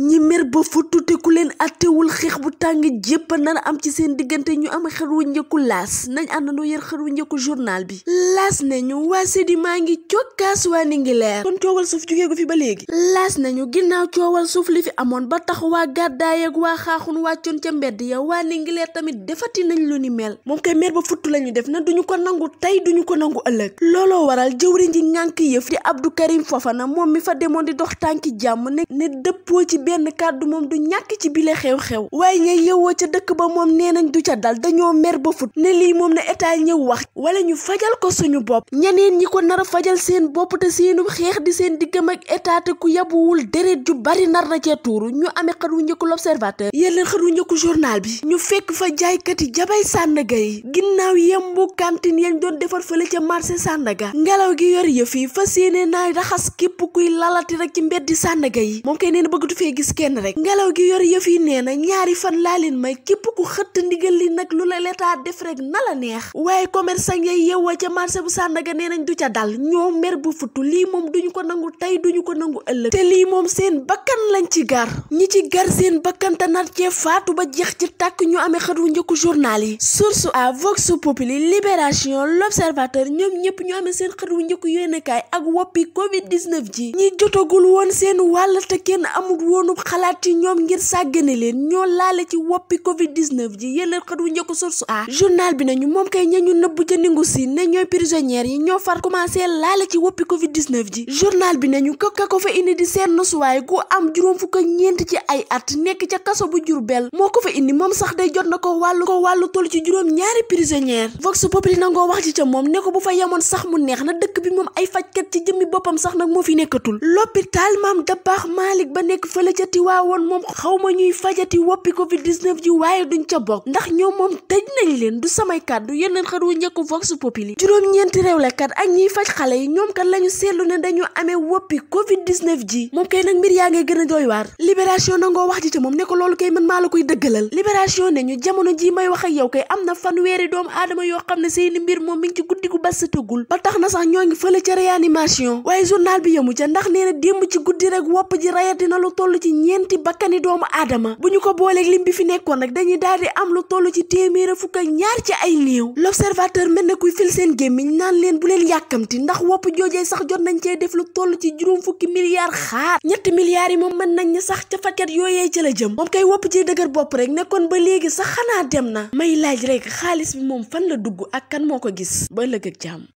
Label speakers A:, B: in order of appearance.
A: ñi mer ba futtu te ku leen attewul xeex bu tàng jépp nana am ci seen diggante ñu am xer wu njëkku laas na àndandoo yar xër wu njëkku journal bi laas nañu waa séddi maa ngi cokkaas waa ni ngi leer kon coowal suuf jógee ko fi ba léegi laas nañu ginnaaw coowal suuf li fi amoon ba tax waa gàddaay waa xaaxun wàccoon ca mbedd ya waa ni ngi leer tamit defati nañ lu ni mel moom kay mer ba futtu lañu def na duñu ko nangu tey duñu ko nangu ëllëg looloo waral jëwriñ ji ñànk yëf di Abdou Karim Fofana moom mi fa demoon di dox tànki jàmm ne ne dëppoo ci benn kàddu moom du ñàkk ci bile xew-xew waaye ña yewoo ca dëkk ba moom nee nañ du ca dal dañoo mer ba fut ne lii moom na état ñëw wax wala ñu fajal ko suñu bopp ñeneen ñi ko nar a fajal seen bopp te seenu xeex di seen diggam ak état te ku yabuwul deret ju bari nar na cee tuuru ñu amee xët wu njëkku l'observateur yéen leen xët wu njëkku journal bi ñu fekk fa jaaykati jabay sànnaga yi ginnaaw yembu kantin yañ doon defar fële ca marché sànnaga ngelaw gi yor yëf yi fas yéene naa képp kuy lalati ci mbeddi sànnaga gis kenn rek ngelaw gi yor yëf yi nee na ñaari fan laa leen may képp ku xëtt ndigal li nag lu la l'état def rek na la neex waaye commerçant ya yeewoo ca marché bu Sandaga nee nañ du ca dal ñoo mer bu futu lii moom duñu ko nangu tey duñu ko nangu ëllëg te lii moom seen bakkan lañ ci gar ñi ci gar seen bakkan na nar cee faatu ba jeex ci tàkk ñu amee xët wu njëkku journal yi source a vox populi libération l'observateur ñoom ñëpp ñu amee seen xët wu njëkku yéenekaay ak noonu xalaat ci ñoom ngir sàggane leen ñoo laale ci woppi covid 19 ji a journal bi nañu moom kay ñañu nëbb ca ningu si ne ñooy prisonnières yi ñoo far commencé laale ci woppi covid ko fa indi di seen nosuwaay nekk ca kaso bu Jurbel moo ko fa indi moom sax day jot na ko wàllu ko wàllu toll ci juróom ñaari prisonnière vox populi nangoo wax ci ca moom ne ko bu fa yemoon sax mu neex na dëkk bi moom ay fajkat ci jëmmi boppam sax nag moo fi nekkatul l'hôpital maam Dabakh Malick ba nekk fële fajati waa woon moom xaw ma ñuy fajati a doy waar libération nangoo wax ji ci moom ne ko loolu kay man maa la koy dëggalal libération ne ñu jamono ji may wax ak yow kay am na fanweeri doomu aadama yoo xam ne seeni mbir moom mi ci guddi gu bas tëggul ba tax na sax ñoo ngi fële ca réanimation waaye journal bi yemu ca ndax nee na démb ci guddi rek wopp ji rayati na lu toll ci ci ñeenti bakkani doomu aadama bu ñu ko booleeg lim bi fi nekkoon nag dañuy daal di am lu tollu ci téeméer a fukk ak ñaar ci ay néew l'observateur mel na kuy fil seen gémmiñ naan leen bu leen yàkkamti ndax wopp joojee sax jot nañu cee def lu toll ci juróom fukki milliards xaar ñetti milliards yi moom mën nañ ne sax ca faket yooyee ca la jëm moom kay wopp ci dëgër bopp rek nekkoon ba léegi sax xanaa dem na may laaj rek xaalis bi moom fan la dugg ak kan moo ko gis ba ëllëg ak jàmm